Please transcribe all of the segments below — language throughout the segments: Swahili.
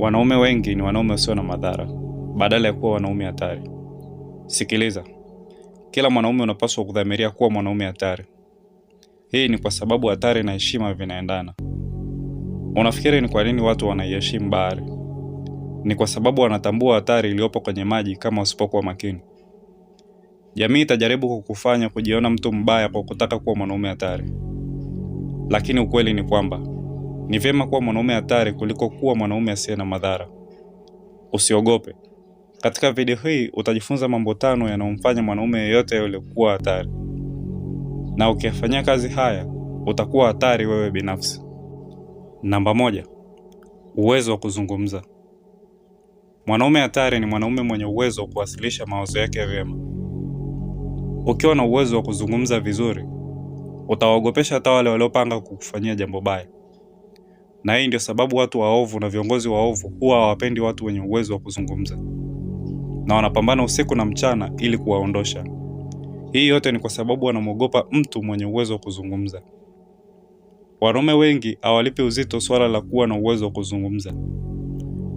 Wanaume wengi ni wanaume wasio na madhara badala ya kuwa wanaume hatari. Sikiliza, kila mwanaume unapaswa kudhamiria kuwa mwanaume hatari. Hii ni kwa sababu hatari na heshima vinaendana. Unafikiri ni kwa nini watu wanaiheshimu bahari? Ni kwa sababu wanatambua hatari iliyopo kwenye maji kama usipokuwa makini. Jamii itajaribu kukufanya kujiona mtu mbaya kwa kutaka kuwa mwanaume hatari, lakini ukweli ni kwamba ni vyema kuwa mwanaume hatari kuliko kuwa mwanaume asiye na madhara. Usiogope. Katika video hii utajifunza mambo tano yanayomfanya mwanaume yeyote yule kuwa hatari, na ukiyafanyia kazi haya utakuwa hatari wewe binafsi. Namba moja: uwezo wa kuzungumza. Mwanaume hatari ni mwanaume mwenye uwezo wa kuwasilisha mawazo yake vyema. Ukiwa na uwezo wa kuzungumza vizuri, utawaogopesha hata wale waliopanga kukufanyia jambo baya na hii ndio sababu watu waovu na viongozi waovu huwa hawapendi watu wenye uwezo wa kuzungumza na wanapambana usiku na mchana ili kuwaondosha. Hii yote ni kwa sababu wanamwogopa mtu mwenye uwezo wa kuzungumza. Wanaume wengi hawalipi uzito swala la kuwa na uwezo wa kuzungumza,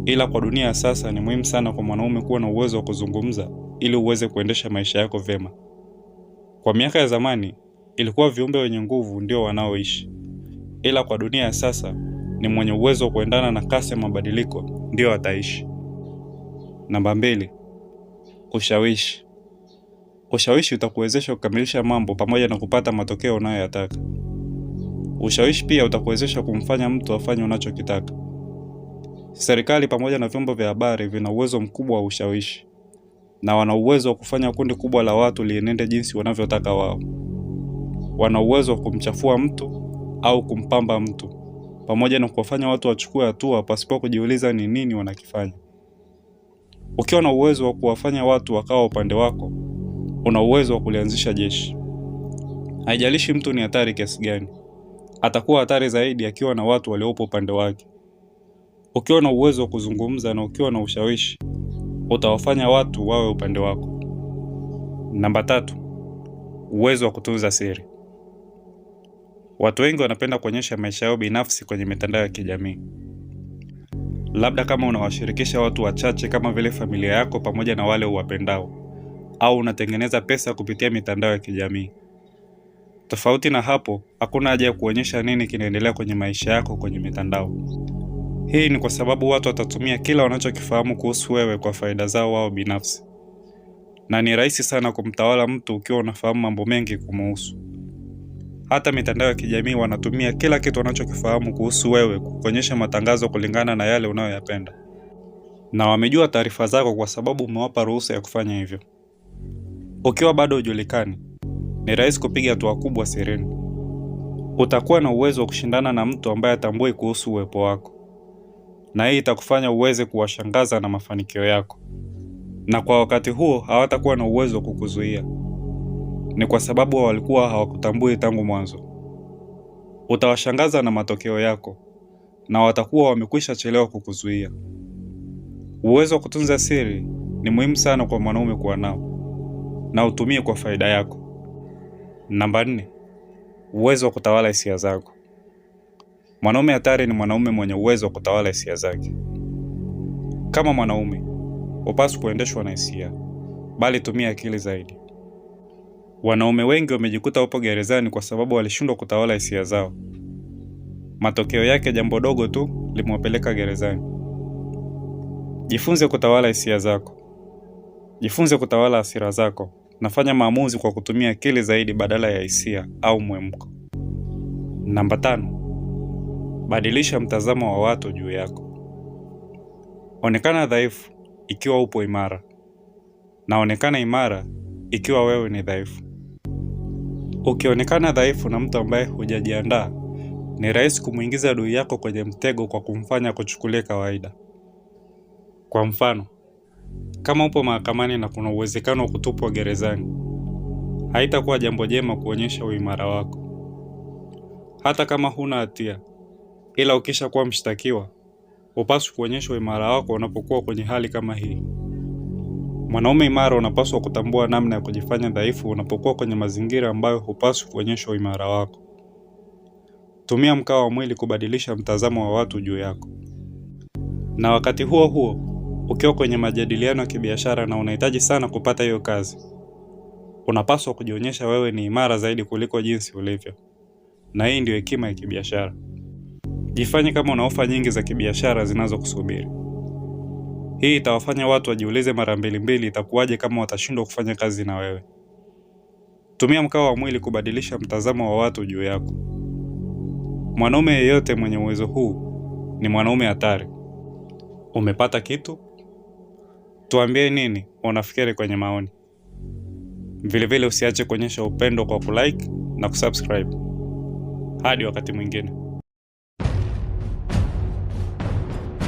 ila kwa dunia ya sasa ni muhimu sana kwa mwanaume kuwa na uwezo wa kuzungumza ili uweze kuendesha maisha yako vyema. Kwa miaka ya zamani ilikuwa viumbe wenye nguvu ndio wanaoishi, ila kwa dunia ya sasa ni mwenye uwezo wa kuendana na kasi ya mabadiliko ndio ataishi. Namba mbili, ushawishi. Ushawishi utakuwezesha kukamilisha mambo pamoja na kupata matokeo unayoyataka. Ushawishi pia utakuwezesha kumfanya mtu afanye unachokitaka. Serikali pamoja na vyombo vya habari vina uwezo mkubwa wa ushawishi na wana uwezo wa kufanya kundi kubwa la watu lienende jinsi wanavyotaka wao. Wana uwezo wa kumchafua mtu au kumpamba mtu pamoja na kuwafanya watu wachukue hatua pasipo kujiuliza ni nini wanakifanya. Ukiwa na uwezo wa kuwafanya watu wakawa upande wako, una uwezo wa kulianzisha jeshi. Haijalishi mtu ni hatari kiasi gani, atakuwa hatari zaidi akiwa na watu waliopo upande wake. Ukiwa na uwezo wa kuzungumza na ukiwa na ushawishi, utawafanya watu wawe upande wako. Namba tatu, uwezo wa kutunza siri. Watu wengi wanapenda kuonyesha maisha yao binafsi kwenye mitandao ya kijamii. Labda kama unawashirikisha watu wachache kama vile familia yako pamoja na wale uwapendao, au unatengeneza pesa kupitia mitandao ya kijamii. Tofauti na hapo, hakuna haja ya kuonyesha nini kinaendelea kwenye maisha yako kwenye mitandao. Hii ni kwa sababu watu watatumia kila wanachokifahamu kuhusu wewe kwa faida zao wao binafsi, na ni rahisi sana kumtawala mtu ukiwa unafahamu mambo mengi kumuhusu hata mitandao ya kijamii wanatumia kila kitu wanachokifahamu kuhusu wewe kuonyesha matangazo kulingana na yale unayoyapenda, na wamejua taarifa zako kwa sababu umewapa ruhusa ya kufanya hivyo. Ukiwa bado hujulikani, ni rahisi kupiga hatua kubwa sirini. Utakuwa na uwezo wa kushindana na mtu ambaye atambui kuhusu uwepo wako, na hii itakufanya uweze kuwashangaza na mafanikio yako, na kwa wakati huo hawatakuwa na uwezo wa kukuzuia ni kwa sababu walikuwa hawakutambui tangu mwanzo. Utawashangaza na matokeo yako, na watakuwa wamekwisha chelewa kukuzuia. Uwezo wa kutunza siri ni muhimu sana kwa mwanaume kuwa nao, na utumie kwa faida yako. Namba nne, uwezo wa kutawala hisia zako. Mwanaume hatari ni mwanaume mwenye uwezo wa kutawala hisia zake. Kama mwanaume, upaswi kuendeshwa na hisia, bali tumia akili zaidi. Wanaume wengi wamejikuta wapo gerezani kwa sababu walishindwa kutawala hisia zao. Matokeo yake, jambo dogo tu limewapeleka gerezani. Jifunze kutawala hisia zako, jifunze kutawala hasira zako. Nafanya maamuzi kwa kutumia akili zaidi badala ya hisia au mwemko. Namba tano, badilisha mtazamo wa watu juu yako. Onekana dhaifu ikiwa upo imara, na onekana imara ikiwa wewe ni dhaifu. Ukionekana dhaifu na mtu ambaye hujajiandaa, ni rahisi kumwingiza adui yako kwenye mtego kwa kumfanya kuchukulia kawaida. Kwa mfano, kama upo mahakamani na kuna uwezekano wa kutupwa gerezani, haitakuwa jambo jema kuonyesha uimara wako, hata kama huna hatia. Ila ukisha kuwa mshtakiwa, upaswi kuonyesha uimara wako unapokuwa kwenye hali kama hii. Mwanaume imara unapaswa kutambua namna ya kujifanya dhaifu unapokuwa kwenye mazingira ambayo hupaswi kuonyesha uimara wako. Tumia mkao wa mwili kubadilisha mtazamo wa watu juu yako. Na wakati huo huo, ukiwa kwenye majadiliano ya kibiashara na unahitaji sana kupata hiyo kazi, unapaswa kujionyesha wewe ni imara zaidi kuliko jinsi ulivyo. Na hii ndio hekima ya kibiashara. Jifanye kama una ofa nyingi za kibiashara zinazokusubiri. Hii itawafanya watu wajiulize mara mbili mbili, itakuwaje kama watashindwa kufanya kazi na wewe. Tumia mkao wa mwili kubadilisha mtazamo wa watu juu yako. Mwanaume yeyote mwenye uwezo huu ni mwanaume hatari. Umepata kitu? Tuambie nini unafikiri kwenye maoni. Vilevile vile usiache kuonyesha upendo kwa kulike na kusubscribe. Hadi wakati mwingine.